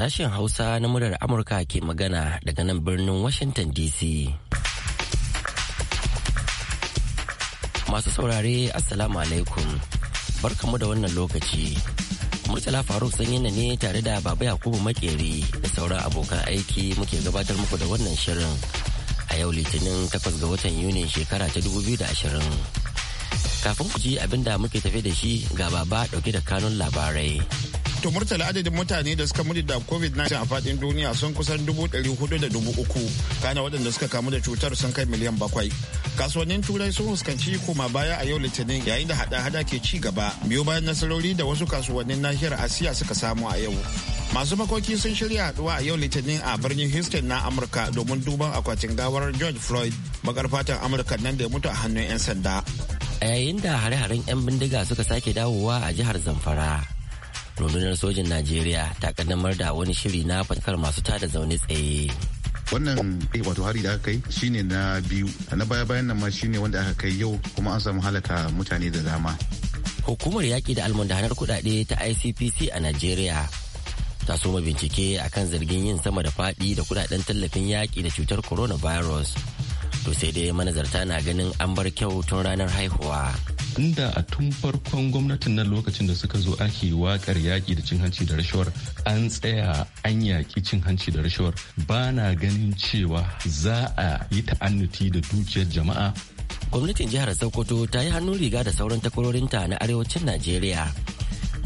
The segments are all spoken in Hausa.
Sashen Hausa na murar Amurka ke magana daga nan birnin Washington DC. Masu saurare Assalamu alaikum. Barkamu da wannan lokaci. Murtala Faruk sanyin ne tare da Baba Yakubu Makeri da sauran abokan aiki muke gabatar muku da wannan shirin. A yau Litinin 8 ga watan Yuni shekara ta 2020. Kafin ku ji abin da muke tafi da shi ga baba dauke da kanun labarai. To murtala adadin mutane da suka mudu da COVID-19 a faɗin duniya sun kusan dubu ɗari hudu da dubu uku. Kana waɗanda suka kamu da cutar sun kai miliyan bakwai. Kasuwannin turai sun fuskanci koma baya a yau litinin yayin da hada-hada ke ci gaba. Biyo bayan nasarori da wasu kasuwannin nahiyar Asiya suka samu a yau. Masu makoki sun shirya haɗuwa a yau litinin a birnin Houston na Amurka domin duban akwatin gawar George Floyd bakar fatan Amurka nan da ya mutu a hannun 'yan sanda. A yayin da hare-haren 'yan bindiga suka sake dawowa a jihar Zamfara. rundunar sojin najeriya ta kaddamar da wani shiri na fatakar masu tada zaune tsaye wannan eh, wato hari da aka kai shine na biyu na baya bayan nan ma shine wanda aka kai yau kuma an samu halaka mutane da dama hukumar yaƙi da almundanar kuɗaɗe ta icpc a najeriya ta soma bincike akan zargin yin sama da faɗi da kuɗaɗen tallafin yaƙi da cutar coronavirus to sai dai manazarta na ganin an bar kyau tun ranar haihuwa inda a tun farkon gwamnatin nan lokacin da suka zo ake wakar yaƙi da cin hanci da rashawar an tsaya an yaƙi cin hanci da rashawar ba na ganin cewa za a yi ta'annuti da dukiyar jama'a gwamnatin jihar sokoto ta yi hannun riga da sauran takwarorinta na arewacin najeriya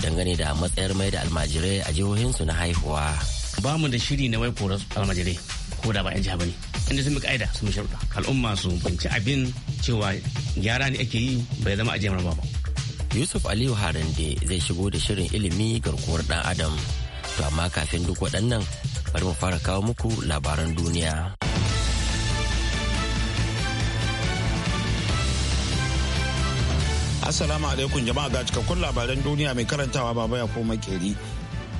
dangane da matsayar mai da almajirai a jihohinsu na haihuwa ba mu da shiri na wai korar almajirai ko da ba 'yan jiha ba ne inda sun mika aida sun sharuɗa al'umma su fahimci abin cewa gyara ne ake yi bai zama ajiyar ba yusuf aliyu harande zai shigo da shirin ilimi garkuwar ɗan adam to amma kafin duk waɗannan bari mu fara kawo muku labaran duniya Assalamu alaikum jama'a ga cikakkun labaran duniya mai karantawa baba ya koma keri.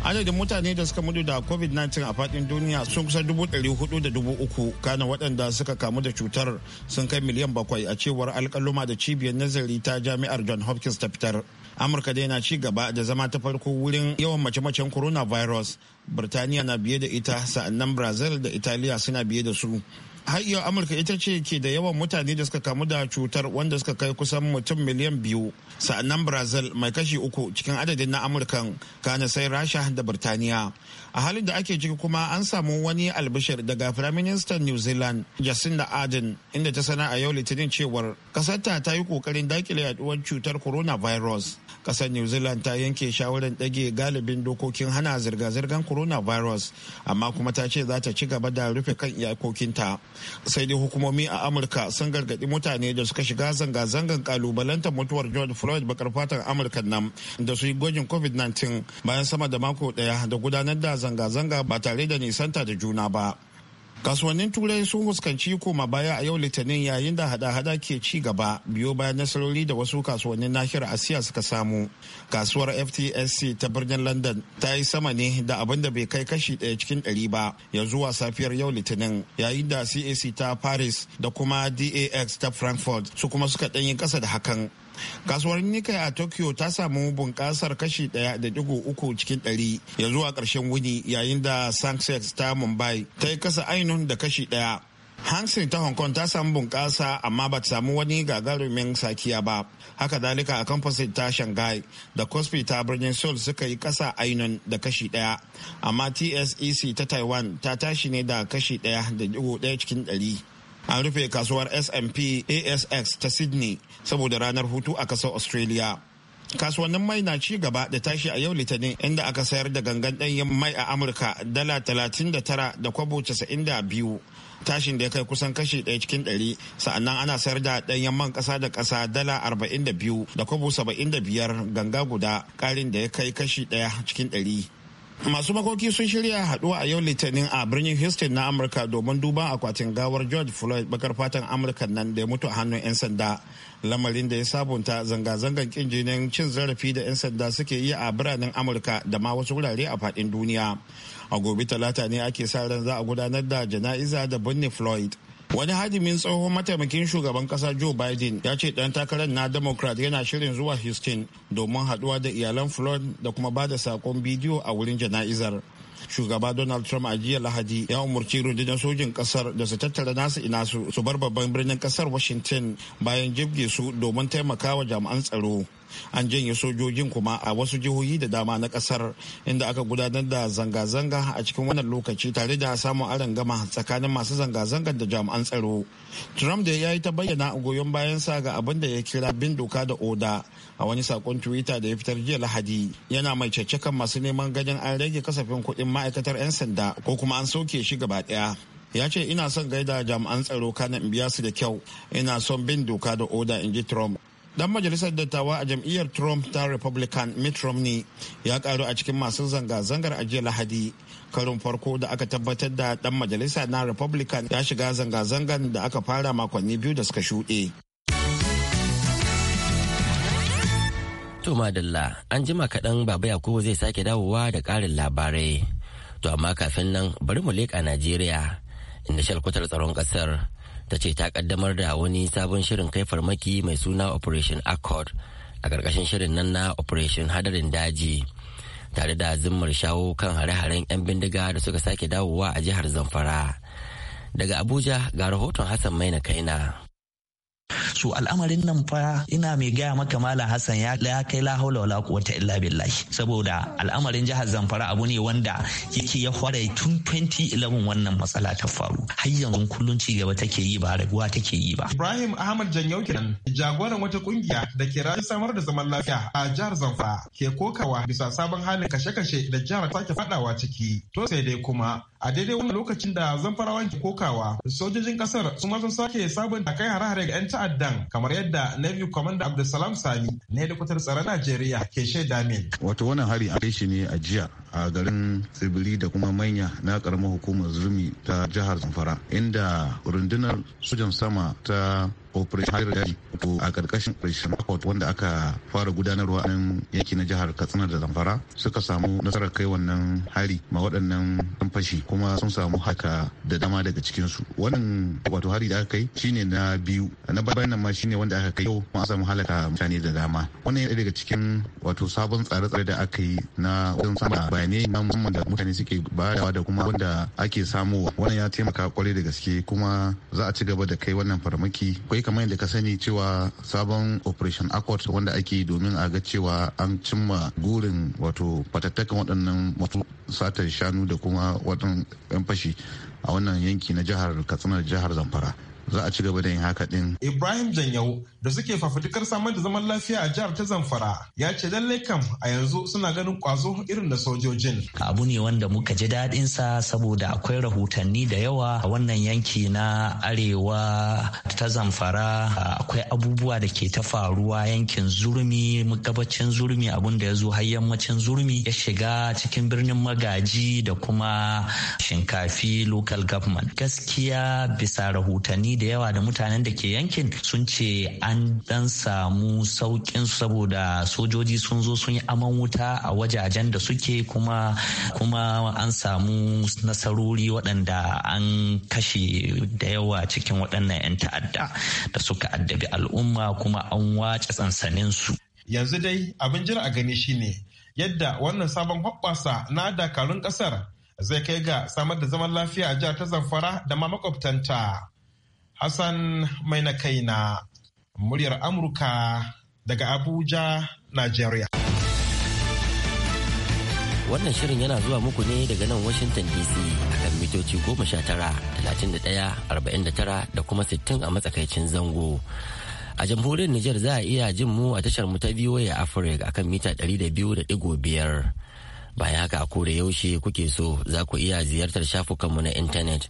adadin mutane da suka mudu da covid-19 a fadin duniya sun kusa dubu ɗari hudu da dubu uku kana waɗanda suka kamu da cutar sun kai miliyan bakwai a cewar alƙaluma da cibiyar nazari ta jami'ar john hopkins ta fitar amurka dai na ci gaba da zama ta farko wurin yawan mace-macen coronavirus birtaniya na biye da ita sa'annan brazil da italiya suna biye da su har iya amurka ita ce ke da yawan mutane da suka kamu da cutar wanda suka kai kusan mutum miliyan biyu sa'annan brazil mai kashi uku cikin adadin na amurkan kana sai rasha da birtaniya a halin da ake ciki kuma an samu wani albishir daga firaministan new zealand jacinda ardern inda ta sana a yau litinin cewar kasarta ta yi kokarin dakile yaduwar cutar coronavirus kasar new zealand ta yanke shawarar ɗage galibin dokokin hana zirga-zirgar coronavirus amma kuma ta ce za ta ci gaba da rufe kan iyakokinta sai dai hukumomi a amurka sun gargaɗi mutane da suka shiga zanga-zangan kalubalanta mutuwar george floyd bakar fatan amurka nan da su yi gwajin covid-19 bayan sama da mako ɗaya da gudanar da zanga-zanga ba tare da nisanta da juna ba kasuwannin turai sun fuskanci koma baya a yau litinin yayin da hada-hada ke ci gaba biyo bayan nasarori da wasu kasuwannin nahiyar asiya suka samu kasuwar ftsc ta birnin london ta yi sama ne da abin da bai kai kashi daya cikin ɗari ba ya zuwa safiyar yau litinin yayin da cac ta paris da kuma dax ta frankfurt su kuma suka ɗanyi ƙasa da hakan kasuwar nikai a tokyo ta samu bunƙasar kashi ɗaya da digo uku cikin ɗari ya zuwa ƙarshen wuni yayin da sansex ta mumbai ta yi kasa ainun da kashi ɗaya Hang ta Hong Kong ta samu bunƙasa amma ba ta samu wani gagarumin sakiya ba. Haka dalika a kamfasin ta Shanghai da Kospi ta birnin Seoul suka yi kasa ainun da kashi ɗaya. Amma TSEC ta Taiwan ta tashi ne da kashi ɗaya da digo ɗaya cikin ɗari. an rufe kasuwar smp ASX ta Sydney saboda ranar hutu a kasar Australia. Kasuwannin mai na ci gaba da tashi a yau Litinin inda aka sayar da gangan ɗanyen mai a Amurka dala 39 da kwabo 92. tashin da ya kai kusan kashi ɗaya cikin ɗari sa'annan ana sayar da ɗanyen man ƙasa da ƙasa dala arba'in da kwabo saba'in biyar ganga guda ƙarin da ya kai kashi ɗaya cikin ɗari masu makoki sun shirya haduwa a yau litinin a birnin houston na amurka domin duban akwatin gawar george floyd bakar fatan amurka nan da ya mutu a hannun 'yan sanda lamarin da ya sabunta zanga-zangar kin jinin cin zarafi da 'yan sanda suke yi a biranen amurka da ma wasu wurare a fadin duniya a gobe talata ne ake sa ran za a gudanar da jana'iza da bonnie floyd wani hadimin tsohon mataimakin shugaban kasa joe biden ya ce dan takarar na democrat yana shirin zuwa houston domin haduwa da iyalan floyd da kuma ba da sakon bidiyo a wurin jana'izar shugaba donald trump a jiya lahadi ya umarci rundunar sojin kasar da su tattara nasu ina su bar babban birnin kasar washington bayan jibge su domin taimakawa jami'an tsaro an janye sojojin kuma a wasu jihohi da dama na kasar inda aka gudanar da zanga-zanga a cikin wannan lokaci tare da samun aron gama tsakanin masu zanga-zangar da jami'an tsaro trump da ya yi ta bayyana goyon bayan sa ga abin da ya kira bin doka da oda a wani sakon twitter da ya fitar jiya lahadi yana mai caccakan masu neman ganin an rage kasafin kuɗin ma'aikatar 'yan sanda ko kuma an soke shi gaba ɗaya ya ce ina son gaida jami'an tsaro kana in biya su da kyau ina son bin doka da oda in ji trump Dan majalisar dattawa a jam'iyyar Trump ta Republican Mitt Romney ya karu a cikin masu zanga-zangar a Lahadi. Karin farko da aka tabbatar da dan majalisa na Republican ya shiga zanga zangan da aka fara makonni biyu da suka shuɗe. To madalla an jima kaɗan Baba Yakubu zai sake dawowa da ƙarin labarai. To amma kafin nan bari mu leƙa Najeriya inda shalkutar tsaron ƙasar ta ce ta kaddamar da wani sabon shirin kai farmaki mai suna operation accord a ƙarƙashin shirin nan na operation hadarin daji tare da zimmar shawo kan hare-haren 'yan bindiga da suka sake dawowa a jihar zamfara daga abuja ga rahoton hassan maina kaina so al'amarin nan fa ina mai gaya maka malam hassan ya kai la haula wala quwwata illa billahi saboda al'amarin jihar zamfara abu ne wanda yake ya fara tun 2011 wannan matsala ta faru har yanzu kullun ci gaba take yi ba raguwa take yi ba ibrahim ahmad janyau kenan jagoran wata kungiya da ke rayu samar da zaman lafiya a jihar zamfara ke kokawa bisa sabon halin kashe-kashe da jihar take fadawa ciki to sai dai kuma a daidai wani lokacin da fara wanke kokawa sojojin kasar su ma sun sake sabunta kai hare-hare ga 'yan ta'addan kamar yadda navy commander abdulsalam sani na hedikwatar tsaron najeriya ke shaida min wato wannan hari a kai shi ne a jiya a garin tsibiri da kuma manya na karamar hukumar zumi ta jihar zamfara inda rundunar sojan sama ta corporate higher education to a karkashin karshen accord wanda aka fara gudanarwa a nan yanki na jihar katsina da zamfara suka samu nasarar kai wannan hari ma waɗannan yan fashi kuma sun samu haka da dama daga cikinsu wannan wato hari da aka kai shine na biyu na bayan nan ma shine wanda aka kai yau an samu halaka mutane da dama wannan yana daga cikin wato sabon tsare-tsare da aka yi na wajen sama bayanai na musamman da mutane suke bayarwa da kuma wanda ake samowa wannan ya taimaka kwarai da gaske kuma za a ci gaba da kai wannan farmaki kai. kamar yadda ka sani cewa sabon operation accord wanda ake domin a ga cewa an cimma gurin wato fatattakan waɗannan wato satar shanu da kuma waɗannan 'yan fashi a wannan yanki na jihar katsina jihar zamfara za a ci gaba da yin haka din. Ibrahim Janyau da suke fafutukar samar da zaman lafiya a jihar ta Zamfara ya ce lallai kam a yanzu suna ganin kwazo irin da sojojin. Abu ne wanda muka ji daɗin sa saboda akwai rahotanni da yawa a wannan yanki na arewa ta Zamfara akwai abubuwa da ke ta faruwa yankin zurmi gabacin zurmi abun da ya zo har yammacin zurmi ya shiga cikin birnin magaji da kuma shinkafi local government gaskiya bisa rahotanni da yawa da mutanen da ke yankin sun ce an dan samu saukin saboda sojoji sun zo sun yi aman wuta a wajajen da suke kuma kuma an samu nasarori waɗanda an kashe da yawa cikin waɗannan 'yan ta'adda da suka addabi al'umma kuma an wace su Yanzu dai abin jira a gani shine yadda wannan sabon hoɓɓasa na dakarun ƙasar zai kai ga samar da zaman lafiya a jihar ta zamfara da ma makwabtanta. Hassan mai na kai na muryar Amurka daga Abuja, Nigeria. Wannan shirin yana zuwa muku ne daga nan Washington DC a kan mitoci 19 31 da kuma 60 a matsakaicin zango. A jamhuriyar Nijar za a iya jin mu a tashar mu ta VOA Africa a kan mita 200.5. Bayan haka a kore yaushe kuke so za ku iya ziyartar shafukanmu na intanet.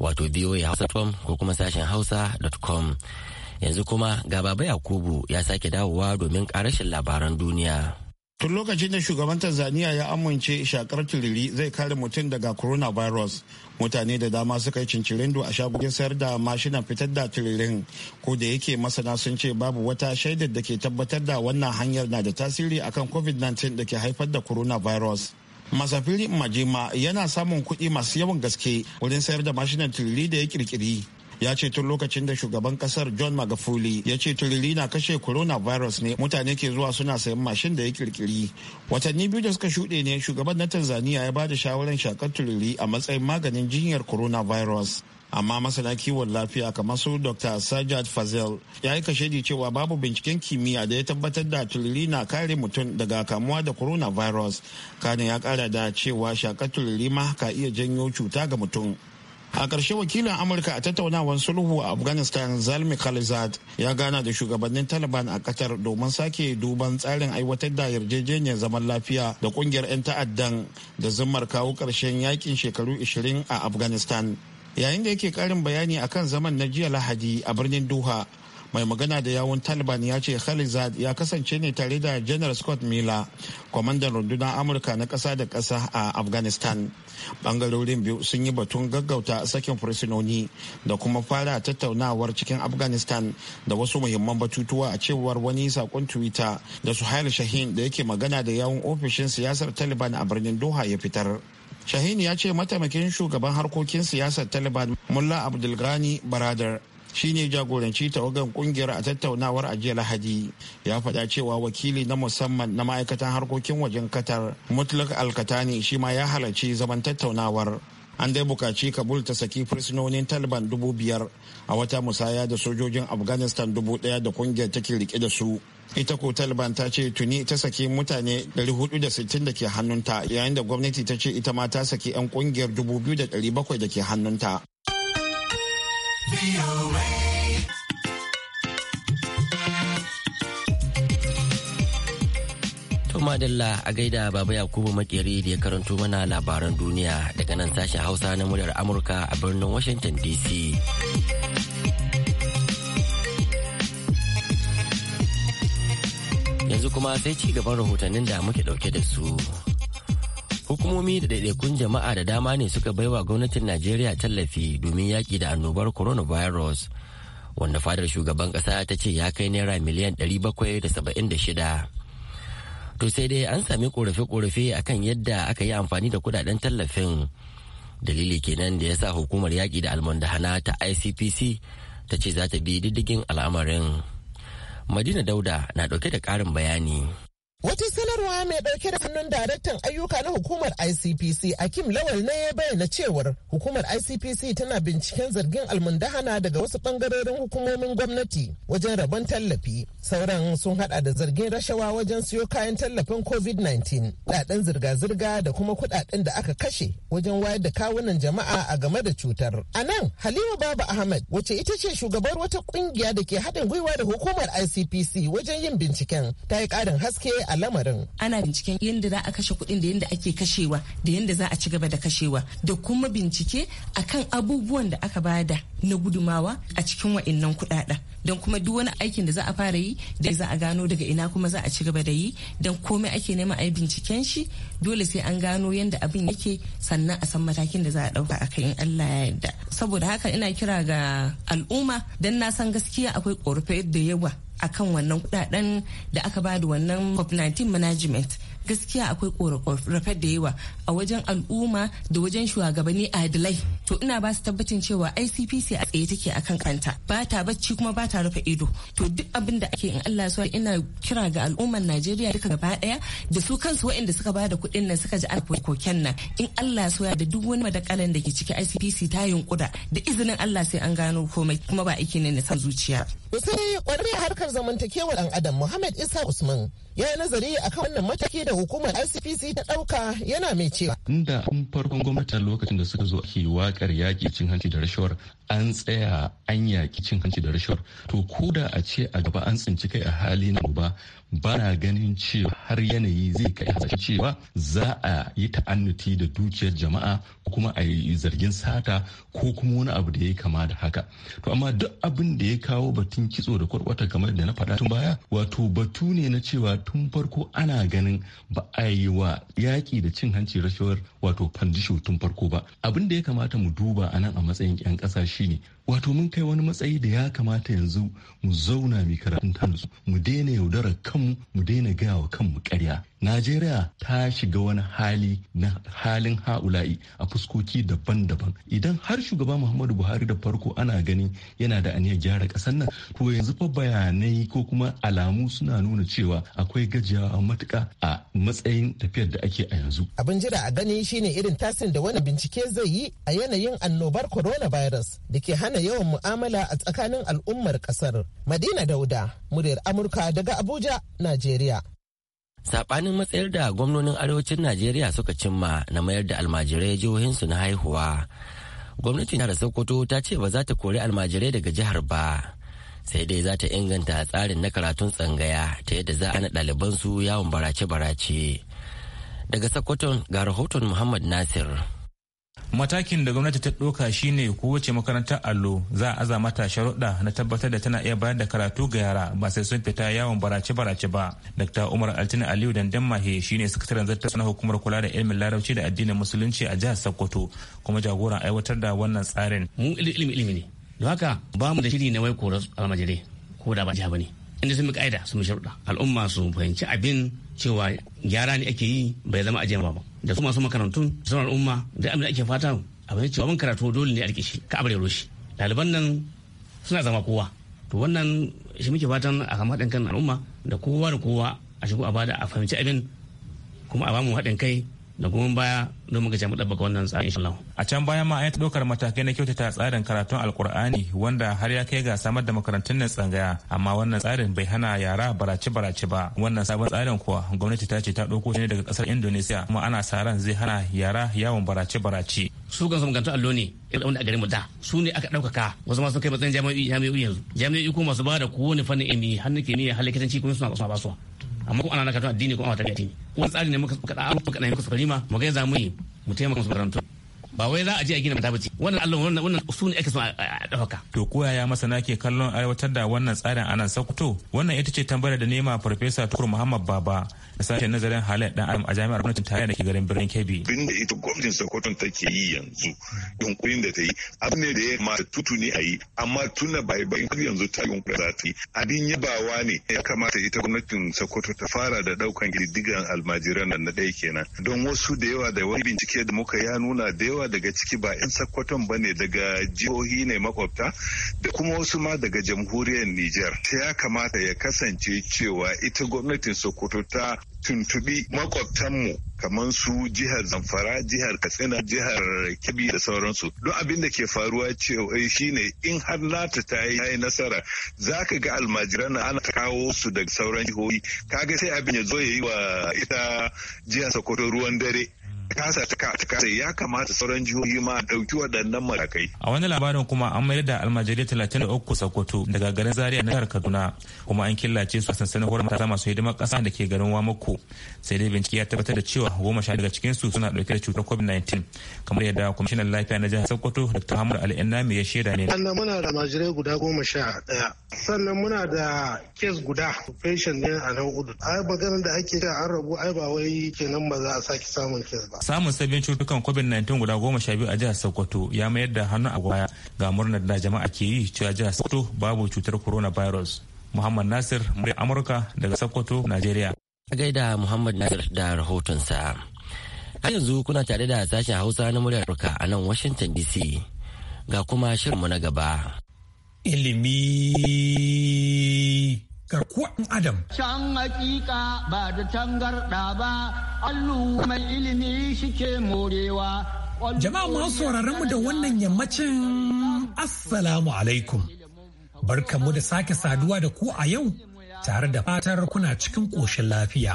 wato voahausa.com ko kuma sashen hausa.com. Yanzu kuma ga Baba Yakubu ya sake dawowa domin karashin labaran duniya. Tun lokacin da shugaban Tanzania ya amince shakar tiriri zai kare mutum daga coronavirus, mutane da dama suka yi cincirin a shagogin sayar da mashinan fitar da tiririn ko da yake masana sun ce babu wata shaidar da ke tabbatar da wannan hanyar na da tasiri akan covid-19 da ke haifar da coronavirus. Masafiri Majima yana samun kuɗi masu yawan gaske wurin sayar da mashinan tiriri da ya kirkiri. Ya ce tun lokacin da shugaban kasar John magafuli ya ce tiriri na kashe coronavirus ne mutane ke zuwa suna sayan mashin da ya kirkiri. Watanni biyu da suka shuɗe ne shugaban na Tanzania ya ba da shawarar shakar tiriri a matsayin maganin jinyar coronavirus. amma masana kiwon lafiya kamar su dr sajad fazel ya yi kashedi cewa babu binciken kimiyya da ya tabbatar da tururi na kare mutum daga kamuwa da coronavirus kanin ya kara da cewa shakar tururi ma ka iya janyo cuta ga mutum a ƙarshe wakilin amurka a tattaunawar sulhu a afghanistan zalmi khalizad ya gana da shugabannin taliban a qatar domin sake duban tsarin aiwatar da yarjejeniyar zaman lafiya da ƙungiyar 'yan ta'addan da zumar kawo ƙarshen yakin shekaru 20 a afghanistan yayin da yake karin bayani akan zaman na jiya lahadi a birnin duha mai magana da yawun taliban ya ce khalizad ya kasance ne tare da general scott miller kwamandan rundunar amurka na ƙasa da ƙasa a afghanistan bangarorin biyu sun yi batun gaggauta sakin fursunoni da kuma fara tattaunawar cikin afghanistan da wasu muhimman batutuwa a cewar wani sakon twitter da suhail shahin da yake magana da yawun ofishin siyasar taliban a birnin doha ya fitar Shaheen ya ce mataimakin shugaban harkokin siyasar taliban Mulla abdulgani baradar shine jagoranci tawagan kungiyar a tattaunawar a jiya lahadi ya faɗa cewa wakili na musamman na ma'aikatan harkokin wajen katar. mutlak alkatani shi ma ya halarci zaman tattaunawar an dai bukaci kabul ta saki fursunonin taliban dubu biyar a wata musaya da sojojin afghanistan dubu ɗaya da kungiyar take rike da su ita ko taliban ta ce tuni ta saki mutane 460 da ke hannunta yayin da gwamnati ta ce ita ma ta saki 'yan kungiyar 2,700 da ke hannunta madalla a gaida baba yakubu makeri da ya karanto mana labaran duniya daga nan sashen hausa na muryar amurka a birnin washington dc yanzu kuma sai ci gaban rahotannin da muke dauke da su hukumomi da ɗaiɗaikun jama'a da dama ne suka baiwa gwamnatin najeriya tallafi domin yaƙi da annobar coronavirus wanda fadar shugaban ƙasa ta ce ya kai naira miliyan ɗari bakwai da da saba'in shida. to sai dai an sami ƙorafe-ƙorafe kan yadda aka yi amfani da kuɗaɗen tallafin dalili kenan da ya sa hukumar yaƙi da almandahana ta icpc ta ce za ta bi diddigin al'amarin Madina Dauda na ɗauke da ƙarin bayani. Wata sanarwa mai ɗauke da hannun daraktan ayyuka na hukumar ICPC a kim Lawal na ya bayyana cewar hukumar ICPC tana binciken zargin almundahana daga wasu ɓangarorin hukumomin gwamnati wajen rabon tallafi. Sauran sun hada da zargin rashawa wajen siyo kayan tallafin COVID-19, kuɗaɗen zirga-zirga da kuma kuɗaɗen da aka kashe wajen wayar da kawunan jama'a a game da cutar. A nan Halima Baba Ahmad wacce ita ce shugabar wata ƙungiya da ke haɗin gwiwa da hukumar ICPC wajen yin binciken ta yi ƙarin haske a lamarin. Ana binciken yadda za a kashe kuɗin da yadda ake kashewa da yadda za a ci gaba da kashewa da kuma bincike akan abubuwan da aka bada na gudumawa a cikin wa'innan kuɗaɗen. Don kuma duk wani aikin da za a fara yi da za a gano daga ina kuma za a ci gaba da yi don komai ake neman a yi binciken shi dole sai an gano yadda abin yake sannan a san matakin da za a ɗauka a kai in Allah ya yarda. Saboda haka ina kira ga al'umma don na san gaskiya akwai ƙorafe da yawa akan wannan kudaden da aka ba da wannan covid-19 management gaskiya akwai korafe da yawa a wajen al'umma da wajen shugabanni a adilai to ina ba su tabbacin cewa icpc a tsaye take akan kanta ba ta bacci kuma ba ta rufe ido to duk abin da ake in allah so ina kira ga al'ummar najeriya duka gaba daya da su kansu waɗanda suka bada kuɗin nan suka ji ana koken nan in allah so da duk wani madakalan da ke ciki icpc ta yunkuda da izinin allah sai an gano komai kuma ba aiki ne na san zuciya. sai wani harkar zamantakewar dan adam muhammad isa usman ya yi nazari a kan wannan mataki da hukumar icpc ta ɗauka yana mai cewa. inda kun farkon gwamnati lokacin da suka zo ake wakar yaƙi cin hanci da rashawar an tsaya an yaƙi cin hanci da rashawar to ko da a ce a gaba an tsinci kai a hali na gaba Bana ganin cewa har yanayi zai kai hasashen cewa za a yi ta'annuti da dukiyar jama'a kuma a yi zargin sata ko kuma wani abu da ya yi kama da haka to amma duk abin da ya kawo batun kitso da kwarkwata kamar da na faɗa tun baya wato batu ne na cewa tun farko ana ganin ba a yi wa yaƙi da cin hanci rashawar wato fandisho tun farko ba abin da ya kamata mu duba a nan a matsayin 'yan ƙasa shine wato mun kai wani matsayi da ya kamata yanzu mu zauna mu karatun tanzu mu daina yaudarar kanmu mu daina gaya wa kanmu karya najeriya ta shiga wani hali na halin ha'ula'i a fuskoki daban-daban idan har shugaba muhammadu buhari da farko ana gani yana da aniyar gyara ƙasar nan to yanzu fa bayanai ko kuma alamu suna nuna cewa akwai gajiyawa matuka a matsayin tafiyar da ake a yanzu abin jira a gani shine irin tasirin da wani bincike zai yi a yanayin annobar coronavirus da ke hana da yawan mu'amala a tsakanin al'ummar kasar. Madina Dauda, muryar Amurka daga Abuja, Najeriya. Saɓanin matsayar da gwamnonin arewacin Najeriya suka cimma na mayar da almajirai jihohinsu na haihuwa. Gwamnatin da Sokoto ta ce ba za ta kori almajirai daga jihar ba. Sai dai za ta inganta tsarin na karatun tsangaya ta yadda za a na ɗalibansu yawon barace-barace. Daga Sokoton ga rahoton Muhammad Nasir. matakin da gwamnati ta ɗoka shine kowace makarantar allo za a aza mata sharuɗa na tabbatar da tana iya bayar da karatu ga yara ba sai sun fita yawon barace-barace ba dr umar altina aliyu dandan mahe shine sakataren zartar na hukumar kula da ilimin larabci da addinin musulunci a jihar sokoto kuma jagoran aiwatar da wannan tsarin mu ilimi ilimi ne don haka ba mu da shiri na wai korar almajirai ko da ba jiha ba ne inda sun bi ka'ida sun mu sharuɗa al'umma su fahimci abin cewa gyara ne ake yi bai zama ajiyar ba da su masu makarantun su al'umma da abin da ake fata a bayan cewa karatu dole ne a rike ka ka ya roshi ɗaliban nan suna zama kowa to wannan shi muke fatan a kama haɗin kan al'umma da kowa da kowa a shigo a bada a fahimci abin kuma a bamu haɗin kai da kuma baya don muka ce mu ɗabbaka wannan tsarin insha Allah. A can baya ma an ɗaukar matakai na kyautata tsarin karatun Alkur'ani wanda har ya kai ga samar da makarantun nan tsangaya amma wannan tsarin bai hana yara barace-barace ba. Wannan sabon tsarin kuwa gwamnati ta ce ta ɗauko shi ne daga ƙasar Indonesia kuma ana sa ran zai hana yara yawon barace-barace. Su kansu makarantun allo ne irin wanda a garin mu da su ne aka ɗaukaka wasu masu kai matsayin jami'o'i yanzu jami'o'i ko masu ba da kowane fannin ilimi har na kimiyya har likitanci kuma suna basuwa basuwa. amma ko ana na karatun addini ko ana addini wani tsari ne muka a muka kaɗa muka suka rima mu ga za mu yi mu taimaka musu makarantu ba wai za a je a gina mata bace wannan allon wannan wannan su ne ake so a dauka to ko yaya masana ke kallon aiwatar da wannan tsarin anan sakuto wannan ita ce tambayar da nema farfesa tukur muhammad baba da sashen nazarin halayyar dan adam a jami'ar gwamnatin tarayya da ke garin birnin kebbi bin da ita gwamnatin sokoton take yi yanzu yunkurin da ta yi abu ne da ya kamata tutu ne a yi amma tuna bai bai har yanzu ta yunkura za ta yi abin yabawa ne ya kamata ita gwamnatin sokoto ta fara da daukan girgigan almajiran nan na ɗaya kenan don wasu da yawa da wani bincike da muka ya nuna da yawa yawa daga ciki ba in sakkwaton ba ne daga jihohi ne makwabta da kuma wasu ma daga jamhuriyar Nijar. Ta ya kamata ya kasance cewa ita gwamnatin Sokoto ta tuntubi makwabtanmu kamar su jihar zamfara jihar katsina jihar kebbi da sauransu don abin da ke faruwa cewa shine in har nata ta yi nasara za ka ga almajiran ana kawo su daga sauran jihohi ka ga sai abin ya zo ya yi wa ita jihar sokoto ruwan dare kasa ta kasa ya kamata sauran jihohi ma dauki waɗannan matakai. A wani labarin kuma an mayar da almajirai talatin da uku Sokoto daga garin Zaria na jihar Kaduna kuma an killace su a sansanin horar matasa masu hidimar ƙasa da ke garin Wamako. Sai dai bincike ya tabbatar da cewa goma sha daga cikin su suna dauke da cutar COVID-19 kamar yadda kwamishinan lafiya na jihar Sokoto Dr. Hamad Ali Ennami ya shaida ne. Sannan muna da almajirai guda goma sha ɗaya. Sannan muna da kes guda patient ne a nan udu. Ai maganar da ake an rabu ai ba wai kenan ba za a sake samun kes ba. Samun sabbin cutukan COVID-19 guda goma sha biyu a jihar Sokoto ya mayar da hannu a baya ga murnar da jama'a ke yi cewa jihar Sokoto babu cutar coronavirus. Muhammad Nasir, murya Amurka daga Sokoto, Najeriya. Gaida Muhammad Nasir da rahotonsa. Har yanzu kuna tare da sashen Hausa na muryar Amurka a nan Washington DC. Ga kuma shirin shirinmu na gaba. Ilimi garkuwan adam. Can hakika ba da tangarɗa ba, allu mai ilimi shi ke morewa. Jama'a masu sauraron mu da wannan yammacin Assalamu alaikum. Barkanmu da sake saduwa da ku a yau tare da fatar kuna cikin ƙoshin lafiya.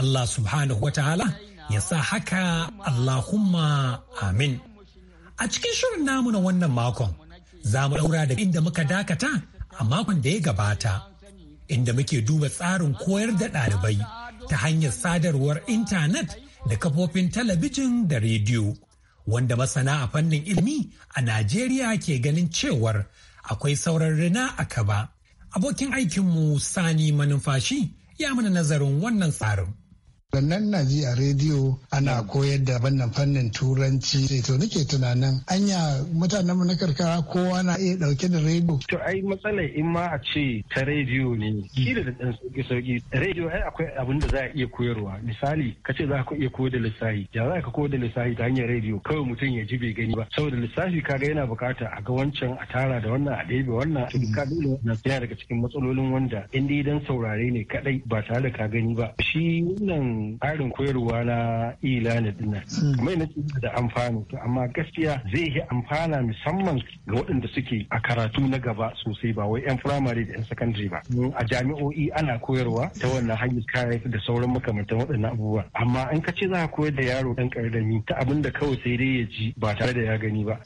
Allah subhanahu wa ta'ala ya sa haka Allahumma amin. A cikin shirin namu na wannan makon, za mu ɗaura da inda muka dakata a makon da ya gabata. inda muke duba tsarin koyar da ɗalibai ta hanyar sadarwar intanet da kafofin talabijin da rediyo wanda masana a fannin ilimi a Najeriya ke ganin cewar akwai sauran rina a kaba. Abokin aikinmu Sani Manumfashi ya mana nazarin wannan tsarin. Sannan na ji a rediyo ana koyar da wannan fannin turanci. Sai to nake tunanin anya mutanen mu na karkara kowa na iya dauke da rediyo. To ai matsalar in ma a ce ta rediyo ne. Ki da dan sauki sauki. Rediyo ai akwai abin da za a iya koyarwa. Misali ka ce za ka iya koyar da lissafi. Ya za ka koyar da lissafi ta hanyar rediyo kawai mutum ya ji bai gani ba. Saboda lissafi ga yana bukata a ga wancan a tara da wannan a ɗebe wannan a ka dole wannan yana daga cikin matsalolin wanda in dai dan saurare ne kadai ba tare da ka gani ba. Shi wannan tsarin koyarwa na ilani dinnan ina hmm. yana da amfani to amma gaskiya zai yi amfana musamman ga waɗanda suke a karatu na gaba sosai ba wai yan firamare da yan sakandare ba hmm. a jami'o'i ana koyarwa ta wannan hanyar kayayyaki da sauran makamantan waɗannan abubuwa amma in ka ce za ka koyar da yaro ɗan ƙarami ta abin da kawai sai dai ya ji ba tare da ya gani ba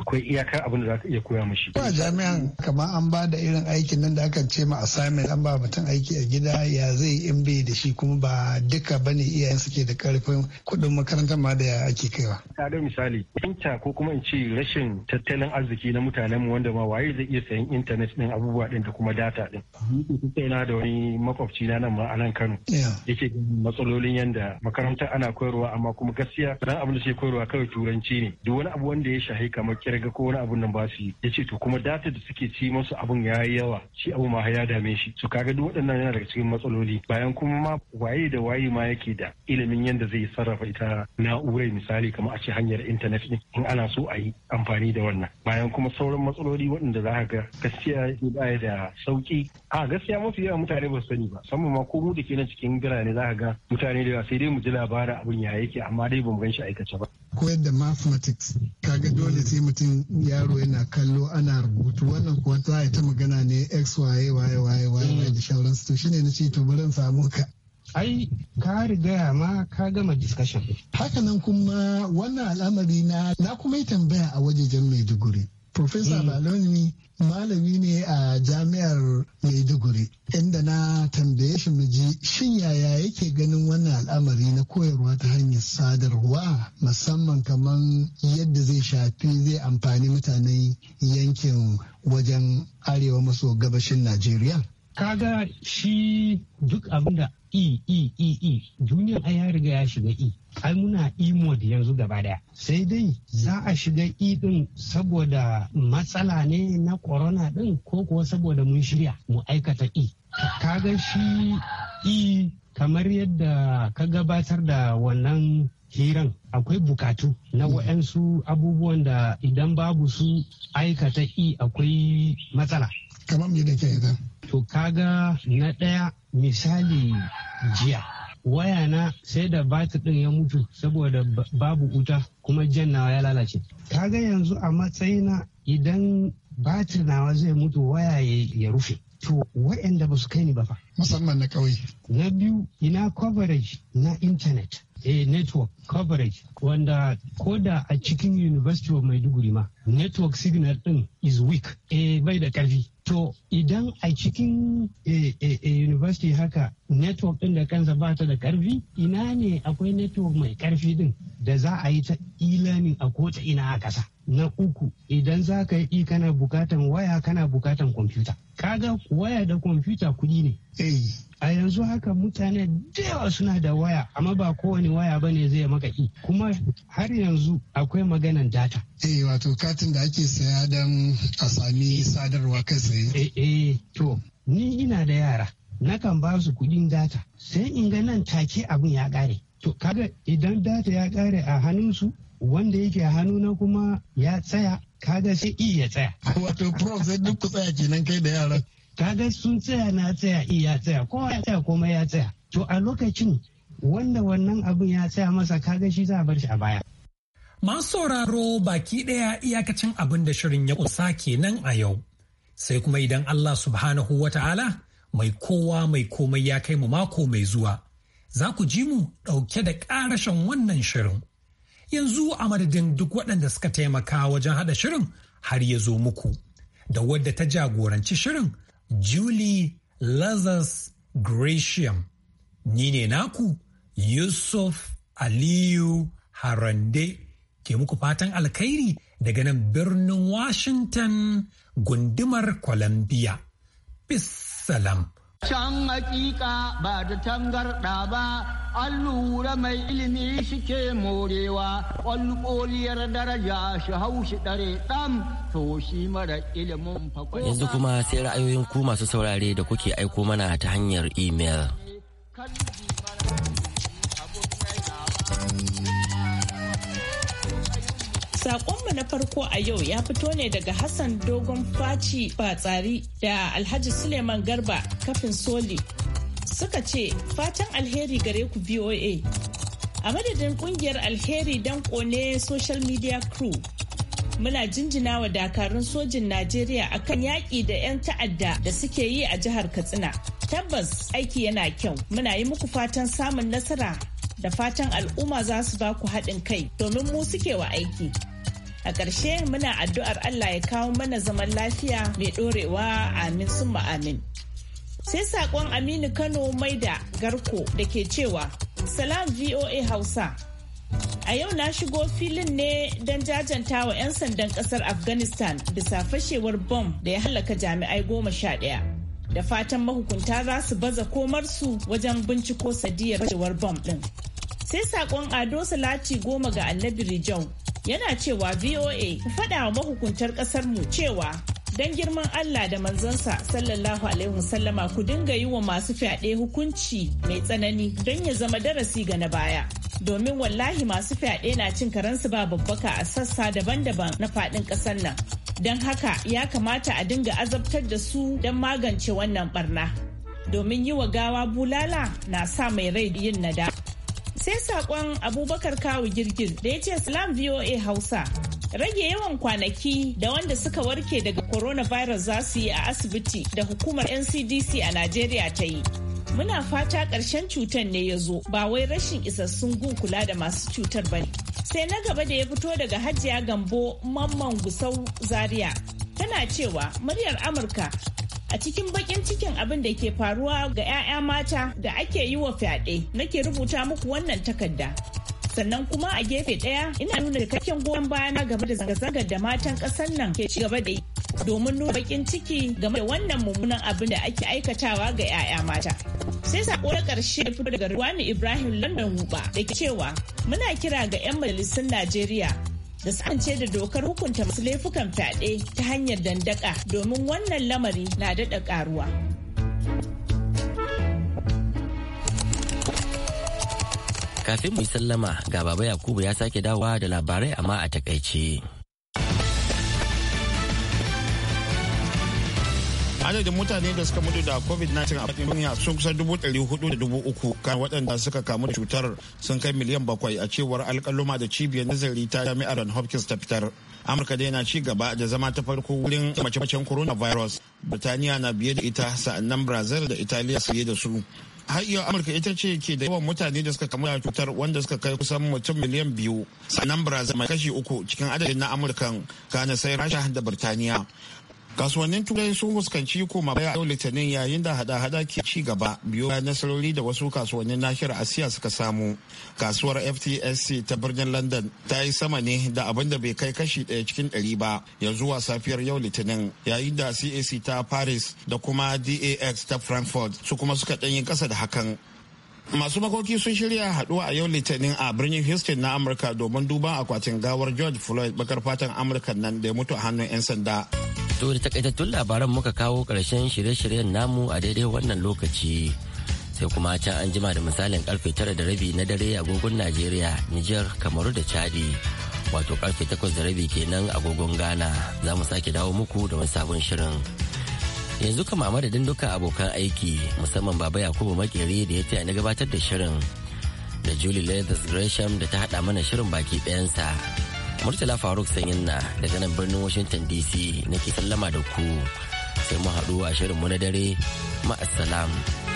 akwai iyakar abin da za ka iya koya mashi. ba jami'an kamar an ba da irin aikin nan da aka ce ma assignment an ba mutum aiki a gida ya zai in bai da shi kuma ba duk duka ba ne iyayen suke da karfin kuɗin makaranta ma da ake kaiwa. Na da misali, inta ko kuma in ce rashin tattalin arziki na mutanen mu wanda ma waye zai iya sayan intanet ɗin abubuwa ɗin da kuma data ɗin. Ina da wani makwabci na nan ma a nan Kano. Yake matsalolin yanda makaranta ana koyarwa amma kuma gaskiya dan abin da suke koyarwa kawai turanci ne. Duk wani abu wanda ya shahi kamar kirga ko wani abun nan ba su yi. Ya ce to kuma data da suke ci masu abun ya yi yawa shi abu ma ya dame shi. Su kaga duk waɗannan yana daga cikin matsaloli. Bayan kuma ma waye da waye ma yake da ilimin yadda zai sarrafa ita na'urai misali kamar a ce hanyar intanet ne in ana so a yi amfani da wannan bayan kuma sauran matsaloli waɗanda za ga gaskiya baya da sauki a gaskiya mafi yawa mutane ba su sani ba musamman ma ko mu da ke nan cikin birane za ga mutane da yawa sai dai mu ji labarin abin ya yake amma dai ba mu gan shi aikace ba koyar da mathematics ga dole sai mutum yaro yana kallo ana rubutu wannan kuwa ta magana ne x Y Y Y Y da shauransu to shine na ce to bari samu ka ai ka riga ma ka gama discussion hakanan kuma wannan al'amari na na kuma yi tambaya a wajejen maiduguri Profesa mm. Baloni malami ne a jami'ar Maiduguri inda na tambaye shi miji shin yaya yake ganin wannan al'amari na koyarwa ta hanyar sadarwa musamman kaman yadda zai shafi zai amfani mutanen yankin wajen arewa maso gabashin Najeriya. kaga shi duk abin da E-E-E, e duniya ai ya riga ya shiga E-E. ai muna e mode yanzu gaba daya sai dai za a shiga E din saboda matsala ne na corona din ko kuwa saboda mun shirya mu aikata i kaga shi E kamar yadda ka gabatar da wannan hiran akwai bukatu na waɗansu abubuwan da idan babu su aikata E akwai matsala kamar me da ke idan. To kaga na ɗaya misali jiya. waya na sai da batir ɗin ya mutu saboda babu wuta kuma jan nawa ya lalace kaga yanzu a matsayina idan batir nawa zai mutu waya ya rufe to waɗanda ba su kai ni ba fa musamman na ƙauye na biyu ina coverage na intanet a eh, network coverage wanda koda a cikin university of maiduguri ma network signal din is weak a eh, bai da karfi to idan a cikin eh, university haka network din da kansa ba ta da karfi ina ne akwai network mai karfi din da za a yi ta e-learning a kota ina a kasa na uku idan za ka yi kana bukatan waya kana bukatan kwamfuta kaga waya da kwamfuta kuɗi ne a yanzu haka mutane da yawa suna da waya amma ba kowane waya ba ne zai maka i kuma har yanzu akwai maganan data eh wato katin da ake saya don a sami sadarwa kai tsaye eh eh to ni ina da yara nakan ba su kudin data sai in ga nan take abin ya kare to kaga idan data ya kare a hannunsu wanda yake a hannu na kuma ya tsaya kaga sai ya tsaya wato prof sai duk ku tsaya kenan kai da yaran kaga sun tsaya na tsaya iya tsaya kowa ya tsaya ko ya tsaya to a lokacin wanda wannan abin ya tsaya masa kaga shi za a bar shi a baya masu sauraro baki daya iyakacin abin da shirin ya kusa kenan a yau sai kuma idan Allah subhanahu wa ta'ala mai kowa mai komai ya kai mu mako mai zuwa za ku ji mu dauke da karashen wannan shirin yanzu a madadin duk waɗanda suka taimaka wajen hada shirin har ya zo muku da wadda ta jagoranci shirin Julie Lazarus Gresham. Ni ne naku Yusuf Aliyu Harande ke muku fatan alkhairi daga nan birnin Washington gundumar Columbia. Bis Can hakika ba da tangarɗa ba, an lura mai ilimi shi ke morewa, ƙwalƙoliyar daraja shi haushi ɗare ɗan to shi mara ilimin fakwai. Yanzu kuma sai ra'ayoyin ku masu saurare da kuke aiko mana ta hanyar imel. Sakonmu na farko a yau ya fito ne daga Hassan Dogon Faci Batsari da Alhaji Suleiman Garba kafin Soli. Suka ce fatan alheri gare ku VOA. A madadin ƙungiyar alheri don kone social media crew. Muna jinjina wa dakarun sojin Najeriya akan yaƙi da 'yan ta'adda da suke yi a jihar Katsina. Tabbas aiki yana kyau. Muna yi muku fatan samun nasara da fatan al'umma za su ba ku haɗin kai domin mu suke wa aiki. A ƙarshe muna addu'ar Allah ya kawo mana zaman lafiya mai ɗorewa amin summa amin. Sai saƙon Aminu Kano Maida Garko da ke cewa Salam VOA Hausa. A yau na shigo filin ne don jajanta wa 'yan sandan ƙasar Afghanistan bisa fashewar bom da ya halaka jami'ai goma sha ɗaya. da fatan mahukunta za su baza su wajen binciko sadiyar rashewar bom ɗin. Sai saƙon Ado Salati goma ga Annabi Rijau yana cewa VOA faɗa wa mahukuntar ƙasarmu cewa don girman Allah da manzansa sallallahu alaihi wasallama ku dinga yi wa masu fyaɗe hukunci mai tsanani don ya zama darasi ga na baya. domin wallahi masu fyaɗe na cin karensu ba babbaka a sassa daban-daban na faɗin ƙasar nan don haka ya kamata a dinga azabtar da su don magance wannan barna domin yi wa gawa bulala na sa mai rai yin nada sai saƙon abubakar kawu girgir da ya ce slam voa hausa rage yawan kwanaki da wanda suka warke daga coronavirus za su yi a asibiti da hukumar ncdc a najeriya ta yi Muna fata ƙarshen cutar ne ya zo ba wai rashin isassun gun kula da masu cutar ba ne. Sai na gaba da ya fito daga Hajiya Gambo Mamman Gusau Zaria. Tana cewa muryar Amurka a cikin bakin cikin abin da ke faruwa ga 'ya'ya mata da ake yi wa fyaɗe nake rubuta muku wannan takarda sannan kuma a gefe ɗaya ina nuna cikakken goyon bayana game da zanga-zangar da matan ƙasar nan ke ci gaba da yi domin nuna bakin ciki game da wannan mummunan abin da ake aikatawa ga 'ya'ya mata. Sai sako na ƙarshe da fito daga Ruwani Ibrahim London Wuba da ke cewa muna kira ga 'yan majalisun Najeriya da su sance da dokar hukunta masu laifukan fyaɗe ta hanyar dandaka domin wannan lamari na daɗa ƙaruwa. Kafin mu sallama ga Baba Yakubu ya sake dawowa da labarai amma a takaice. adadin mutane da suka mutu da covid-19 a cikin duniya sun kusa dubu ɗari hudu da dubu uku kan waɗanda suka kamu da cutar sun kai miliyan bakwai a cewar alƙaluma da cibiyar nazari ta jami'ar hopkins ta fitar amurka dai na ci gaba da zama ta farko wurin mace-macen coronavirus birtaniya na biye da ita sa'annan brazil da italiya su da su har iya amurka ita ce ke da yawan mutane da suka kamu da cutar wanda suka kai kusan mutum miliyan biyu sannan brazil mai kashi uku cikin adadin na amurkan kana sai rasha da birtaniya kasuwannin turai sun fuskanci koma baya yau litinin yayin da hada-hada ke ci gaba biyo bayan nasarori da wasu kasuwannin nahiyar asiya suka samu kasuwar ftsc ta birnin london ta yi sama ne da abin da bai kai kashi daya cikin ɗari ba ya zuwa safiyar yau litinin yayin da cac ta paris da kuma dax ta frankfurt su kuma suka ɗanyi kasa da hakan masu makoki sun shirya haduwa a yau litinin a birnin houston na amurka domin duban akwatin gawar george floyd bakar fatan amurka nan da ya mutu a hannun 'yan sanda To da takaitattun labaran muka kawo ƙarshen shirye-shiryen namu a daidai wannan lokaci. Sai kuma can an jima da misalin karfe tara da rabi na dare agogon Najeriya, Niger, Kamaru da Chadi. Wato karfe takwas da rabi kenan agogon Ghana za mu sake dawo muku da wani sabon shirin. Yanzu kama madadin dukkan abokan aiki musamman Baba Yakubu Makeri da ya taya na gabatar da shirin. Da Julie Leathers Gresham da ta haɗa mana shirin baki ɗayansa. Murtala Faruk Sanyin na daga nan birnin Washington DC nake sallama da ku sai mu haɗu a shirinmu na dare ma'assalam.